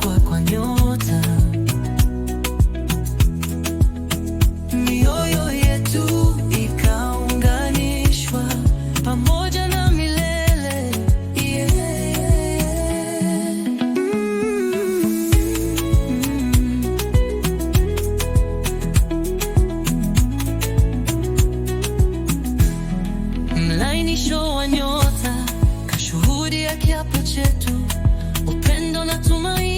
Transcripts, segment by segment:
kwa nyota. Mioyo yetu ikaunganishwa pamoja na milele. wa nyota kiapo chetu upendo na tumaini.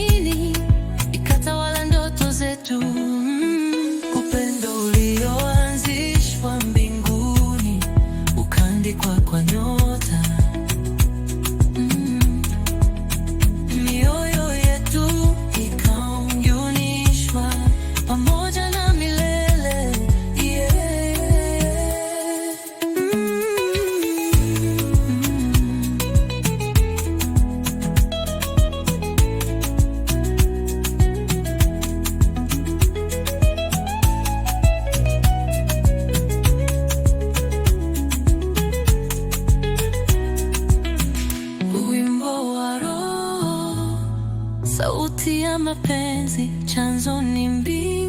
sauti ya mapenzi chanzo ni mbili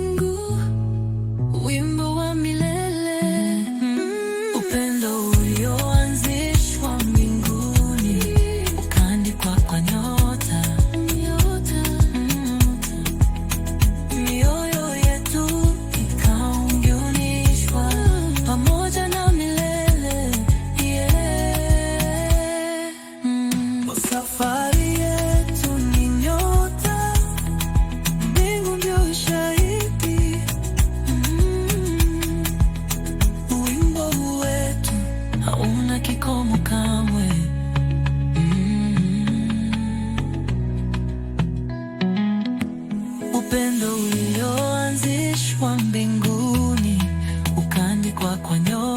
upendo ulioanzishwa mbinguni ukaandikwa kwa nyoyo